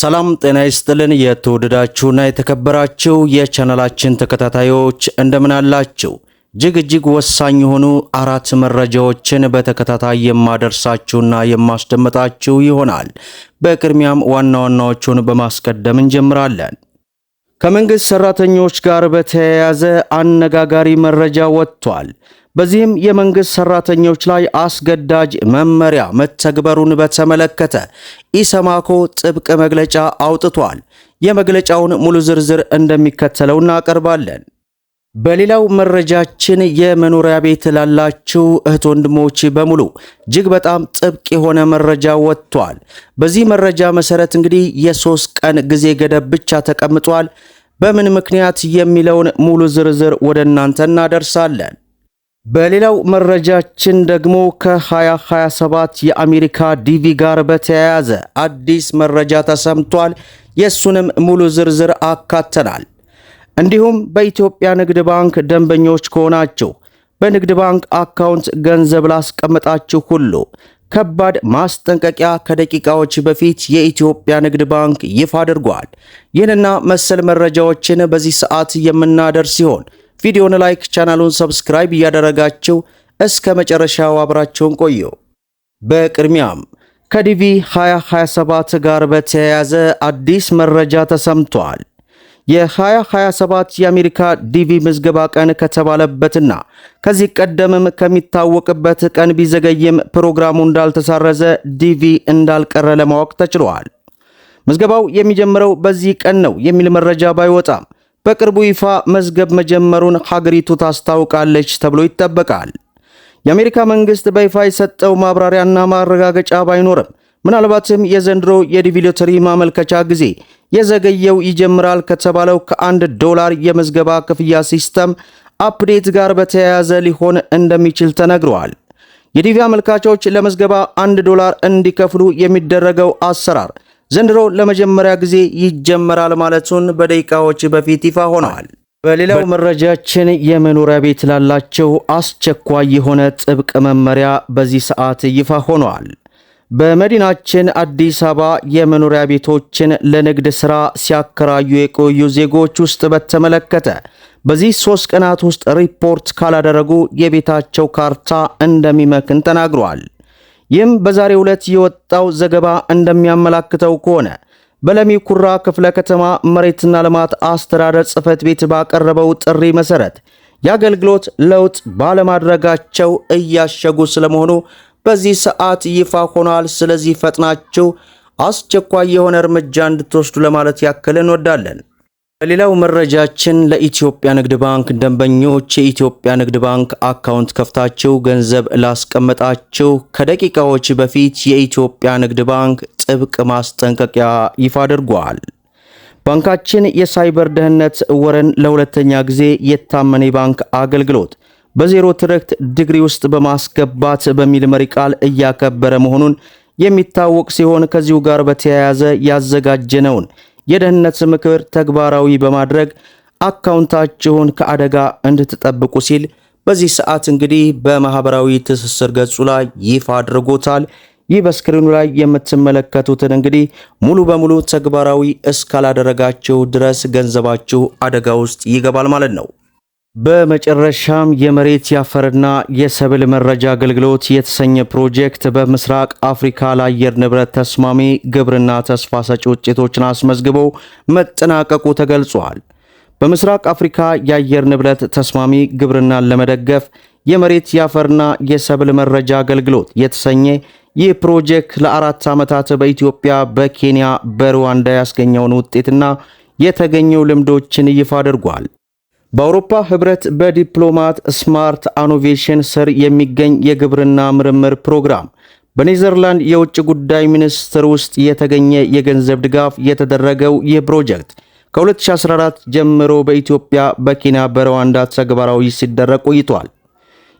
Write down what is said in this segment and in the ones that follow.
ሰላም ጤና ይስጥልን። የተወደዳችሁና የተከበራችሁ የቻናላችን ተከታታዮች እንደምን አላችሁ? እጅግ እጅግ ወሳኝ የሆኑ አራት መረጃዎችን በተከታታይ የማደርሳችሁና የማስደምጣችሁ ይሆናል። በቅድሚያም ዋና ዋናዎቹን በማስቀደም እንጀምራለን። ከመንግሥት ሠራተኞች ጋር በተያያዘ አነጋጋሪ መረጃ ወጥቷል። በዚህም የመንግስት ሰራተኞች ላይ አስገዳጅ መመሪያ መተግበሩን በተመለከተ ኢሰማኮ ጥብቅ መግለጫ አውጥቷል። የመግለጫውን ሙሉ ዝርዝር እንደሚከተለው እናቀርባለን። በሌላው መረጃችን የመኖሪያ ቤት ላላችሁ እህት ወንድሞች በሙሉ እጅግ በጣም ጥብቅ የሆነ መረጃ ወጥቷል። በዚህ መረጃ መሰረት እንግዲህ የሶስት ቀን ጊዜ ገደብ ብቻ ተቀምጧል። በምን ምክንያት የሚለውን ሙሉ ዝርዝር ወደ እናንተ እናደርሳለን። በሌላው መረጃችን ደግሞ ከ2027 የአሜሪካ ዲቪ ጋር በተያያዘ አዲስ መረጃ ተሰምቷል። የእሱንም ሙሉ ዝርዝር አካተናል። እንዲሁም በኢትዮጵያ ንግድ ባንክ ደንበኞች ከሆናችሁ በንግድ ባንክ አካውንት ገንዘብ ላስቀምጣችሁ ሁሉ ከባድ ማስጠንቀቂያ ከደቂቃዎች በፊት የኢትዮጵያ ንግድ ባንክ ይፋ አድርጓል። ይህንና መሰል መረጃዎችን በዚህ ሰዓት የምናደርስ ሲሆን ቪዲዮን ላይክ፣ ቻናሉን ሰብስክራይብ እያደረጋችሁ እስከ መጨረሻው አብራችሁን ቆዩ። በቅድሚያም ከዲቪ 2027 ጋር በተያያዘ አዲስ መረጃ ተሰምቷል። የ2027 የአሜሪካ ዲቪ ምዝገባ ቀን ከተባለበትና ከዚህ ቀደምም ከሚታወቅበት ቀን ቢዘገይም ፕሮግራሙ እንዳልተሳረዘ ዲቪ እንዳልቀረ ለማወቅ ተችሏል። ምዝገባው የሚጀምረው በዚህ ቀን ነው የሚል መረጃ ባይወጣም በቅርቡ ይፋ መዝገብ መጀመሩን ሀገሪቱ ታስታውቃለች ተብሎ ይጠበቃል። የአሜሪካ መንግስት በይፋ የሰጠው ማብራሪያና ማረጋገጫ ባይኖርም ምናልባትም የዘንድሮ የዲቪ ሎተሪ ማመልከቻ ጊዜ የዘገየው ይጀምራል ከተባለው ከአንድ ዶላር የመዝገባ ክፍያ ሲስተም አፕዴት ጋር በተያያዘ ሊሆን እንደሚችል ተነግረዋል። የዲቪ አመልካቾች ለመዝገባ አንድ ዶላር እንዲከፍሉ የሚደረገው አሰራር ዘንድሮ ለመጀመሪያ ጊዜ ይጀመራል ማለቱን በደቂቃዎች በፊት ይፋ ሆነዋል። በሌላው መረጃችን የመኖሪያ ቤት ላላቸው አስቸኳይ የሆነ ጥብቅ መመሪያ በዚህ ሰዓት ይፋ ሆነዋል። በመዲናችን አዲስ አበባ የመኖሪያ ቤቶችን ለንግድ ሥራ ሲያከራዩ የቆዩ ዜጎች ውስጥ በተመለከተ በዚህ ሦስት ቀናት ውስጥ ሪፖርት ካላደረጉ የቤታቸው ካርታ እንደሚመክን ተናግሯል። ይህም በዛሬው ዕለት የወጣው ዘገባ እንደሚያመላክተው ከሆነ በለሚ ኩራ ክፍለ ከተማ መሬትና ልማት አስተዳደር ጽሕፈት ቤት ባቀረበው ጥሪ መሰረት የአገልግሎት ለውጥ ባለማድረጋቸው እያሸጉ ስለመሆኑ በዚህ ሰዓት ይፋ ሆኗል። ስለዚህ ፈጥናችሁ አስቸኳይ የሆነ እርምጃ እንድትወስዱ ለማለት ያክል እንወዳለን። በሌላው መረጃችን ለኢትዮጵያ ንግድ ባንክ ደንበኞች የኢትዮጵያ ንግድ ባንክ አካውንት ከፍታችሁ ገንዘብ ላስቀመጣችሁ ከደቂቃዎች በፊት የኢትዮጵያ ንግድ ባንክ ጥብቅ ማስጠንቀቂያ ይፋ አድርጓል። ባንካችን የሳይበር ደህንነት ወረን ለሁለተኛ ጊዜ የታመነ ባንክ አገልግሎት በዜሮ ትርክት ዲግሪ ውስጥ በማስገባት በሚል መሪ ቃል እያከበረ መሆኑን የሚታወቅ ሲሆን ከዚሁ ጋር በተያያዘ ያዘጋጀነውን የደህንነት ምክር ተግባራዊ በማድረግ አካውንታችሁን ከአደጋ እንድትጠብቁ ሲል በዚህ ሰዓት እንግዲህ በማህበራዊ ትስስር ገጹ ላይ ይፋ አድርጎታል። ይህ በስክሪኑ ላይ የምትመለከቱትን እንግዲህ ሙሉ በሙሉ ተግባራዊ እስካላደረጋችሁ ድረስ ገንዘባችሁ አደጋ ውስጥ ይገባል ማለት ነው። በመጨረሻም የመሬት የአፈርና የሰብል መረጃ አገልግሎት የተሰኘ ፕሮጀክት በምስራቅ አፍሪካ ለአየር ንብረት ተስማሚ ግብርና ተስፋ ሰጪ ውጤቶችን አስመዝግቦ መጠናቀቁ ተገልጿል። በምስራቅ አፍሪካ የአየር ንብረት ተስማሚ ግብርናን ለመደገፍ የመሬት የአፈርና የሰብል መረጃ አገልግሎት የተሰኘ ይህ ፕሮጀክት ለአራት ዓመታት በኢትዮጵያ፣ በኬንያ፣ በሩዋንዳ ያስገኘውን ውጤትና የተገኘው ልምዶችን ይፋ አድርጓል። በአውሮፓ ህብረት በዲፕሎማት ስማርት አኖቬሽን ስር የሚገኝ የግብርና ምርምር ፕሮግራም በኔዘርላንድ የውጭ ጉዳይ ሚኒስቴር ውስጥ የተገኘ የገንዘብ ድጋፍ የተደረገው ይህ ፕሮጀክት ከ2014 ጀምሮ በኢትዮጵያ፣ በኬንያ፣ በሩዋንዳ ተግባራዊ ሲደረግ ቆይቷል።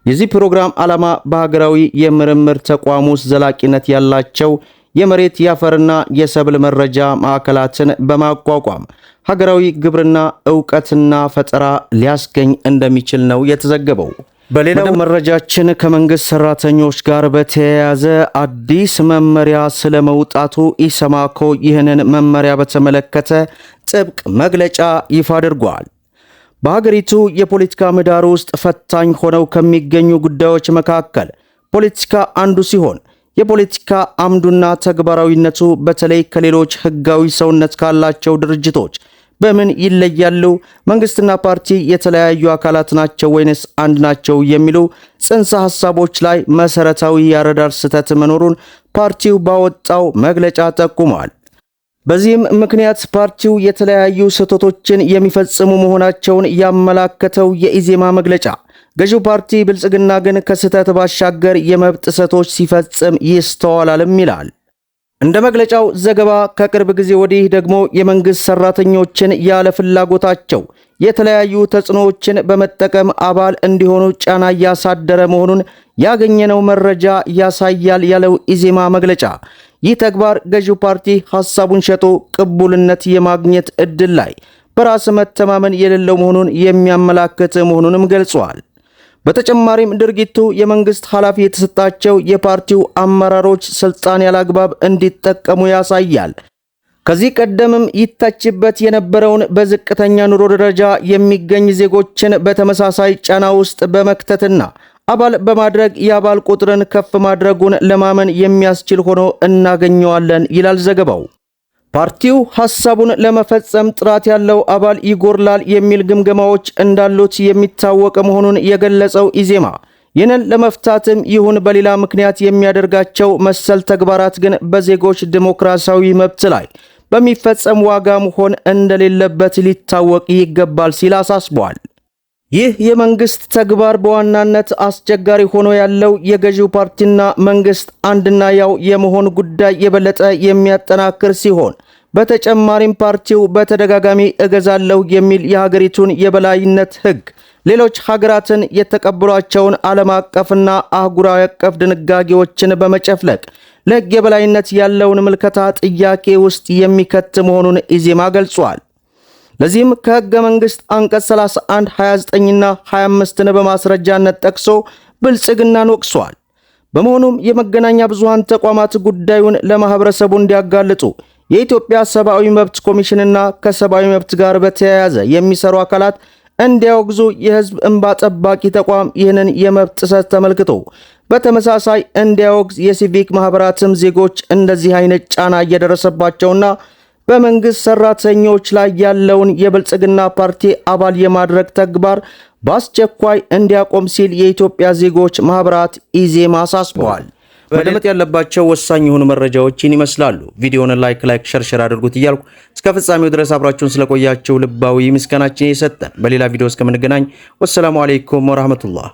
የዚህ ፕሮግራም ዓላማ በሀገራዊ የምርምር ተቋም ውስጥ ዘላቂነት ያላቸው የመሬት የአፈርና የሰብል መረጃ ማዕከላትን በማቋቋም ሀገራዊ ግብርና እውቀትና ፈጠራ ሊያስገኝ እንደሚችል ነው የተዘገበው። በሌላው መረጃችን ከመንግስት ሰራተኞች ጋር በተያያዘ አዲስ መመሪያ ስለመውጣቱ ኢሰማኮ ይህንን መመሪያ በተመለከተ ጥብቅ መግለጫ ይፋ አድርጓል። በሀገሪቱ የፖለቲካ ምህዳር ውስጥ ፈታኝ ሆነው ከሚገኙ ጉዳዮች መካከል ፖለቲካ አንዱ ሲሆን የፖለቲካ አምዱና ተግባራዊነቱ በተለይ ከሌሎች ህጋዊ ሰውነት ካላቸው ድርጅቶች በምን ይለያሉ? መንግስትና ፓርቲ የተለያዩ አካላት ናቸው ወይንስ አንድ ናቸው? የሚሉ ጽንሰ ሐሳቦች ላይ መሰረታዊ የአረዳር ስህተት መኖሩን ፓርቲው ባወጣው መግለጫ ጠቁሟል። በዚህም ምክንያት ፓርቲው የተለያዩ ስህተቶችን የሚፈጽሙ መሆናቸውን ያመላከተው የኢዜማ መግለጫ ገዢው ፓርቲ ብልጽግና ግን ከስህተት ባሻገር የመብት ጥሰቶች ሲፈጽም ይስተዋላልም ይላል። እንደ መግለጫው ዘገባ ከቅርብ ጊዜ ወዲህ ደግሞ የመንግሥት ሠራተኞችን ያለ ፍላጎታቸው የተለያዩ ተጽዕኖዎችን በመጠቀም አባል እንዲሆኑ ጫና እያሳደረ መሆኑን ያገኘነው መረጃ ያሳያል ያለው ኢዜማ መግለጫ፣ ይህ ተግባር ገዢው ፓርቲ ሐሳቡን ሸጦ ቅቡልነት የማግኘት ዕድል ላይ በራስ መተማመን የሌለው መሆኑን የሚያመላክት መሆኑንም ገልጿል። በተጨማሪም ድርጊቱ የመንግስት ኃላፊ የተሰጣቸው የፓርቲው አመራሮች ስልጣን ያላግባብ እንዲጠቀሙ ያሳያል። ከዚህ ቀደምም ይታችበት የነበረውን በዝቅተኛ ኑሮ ደረጃ የሚገኝ ዜጎችን በተመሳሳይ ጫና ውስጥ በመክተትና አባል በማድረግ የአባል ቁጥርን ከፍ ማድረጉን ለማመን የሚያስችል ሆኖ እናገኘዋለን ይላል ዘገባው። ፓርቲው ሀሳቡን ለመፈጸም ጥራት ያለው አባል ይጎርላል የሚል ግምገማዎች እንዳሉት የሚታወቅ መሆኑን የገለጸው ኢዜማ ይህንን ለመፍታትም ይሁን በሌላ ምክንያት የሚያደርጋቸው መሰል ተግባራት ግን በዜጎች ዲሞክራሲያዊ መብት ላይ በሚፈጸም ዋጋ መሆን እንደሌለበት ሊታወቅ ይገባል ሲል አሳስቧል። ይህ የመንግስት ተግባር በዋናነት አስቸጋሪ ሆኖ ያለው የገዢው ፓርቲና መንግስት አንድና ያው የመሆን ጉዳይ የበለጠ የሚያጠናክር ሲሆን በተጨማሪም ፓርቲው በተደጋጋሚ እገዛለሁ የሚል የሀገሪቱን የበላይነት ህግ ሌሎች ሀገራትን የተቀበሏቸውን ዓለም አቀፍና አህጉራዊ አቀፍ ድንጋጌዎችን በመጨፍለቅ ለህግ የበላይነት ያለውን ምልከታ ጥያቄ ውስጥ የሚከት መሆኑን ኢዜማ ገልጿል። ለዚህም ከሕገ መንግሥት አንቀጽ 31፣ 29ና 25ን በማስረጃነት ጠቅሶ ብልጽግናን ወቅሷል። በመሆኑም የመገናኛ ብዙሃን ተቋማት ጉዳዩን ለማኅበረሰቡ እንዲያጋልጡ የኢትዮጵያ ሰብአዊ መብት ኮሚሽንና ከሰብአዊ መብት ጋር በተያያዘ የሚሰሩ አካላት እንዲያወግዙ የሕዝብ እንባ ጠባቂ ተቋም ይህንን የመብት ጥሰት ተመልክቶ በተመሳሳይ እንዲያወግዝ የሲቪክ ማኅበራትም ዜጎች እንደዚህ አይነት ጫና እየደረሰባቸውና በመንግስት ሰራተኞች ላይ ያለውን የብልጽግና ፓርቲ አባል የማድረግ ተግባር በአስቸኳይ እንዲያቆም ሲል የኢትዮጵያ ዜጎች ማህበራት ኢዜማ አሳስበዋል። መደመጥ ያለባቸው ወሳኝ የሆኑ መረጃዎችን ይመስላሉ። ቪዲዮውን ላይክ ላይክ ሸርሸር አድርጉት እያልኩ እስከ ፍጻሜው ድረስ አብራችሁን ስለቆያችሁ ልባዊ ምስጋናችን የሰጠን። በሌላ ቪዲዮ እስከምንገናኝ ወሰላሙ አሌይኩም ወረህመቱላህ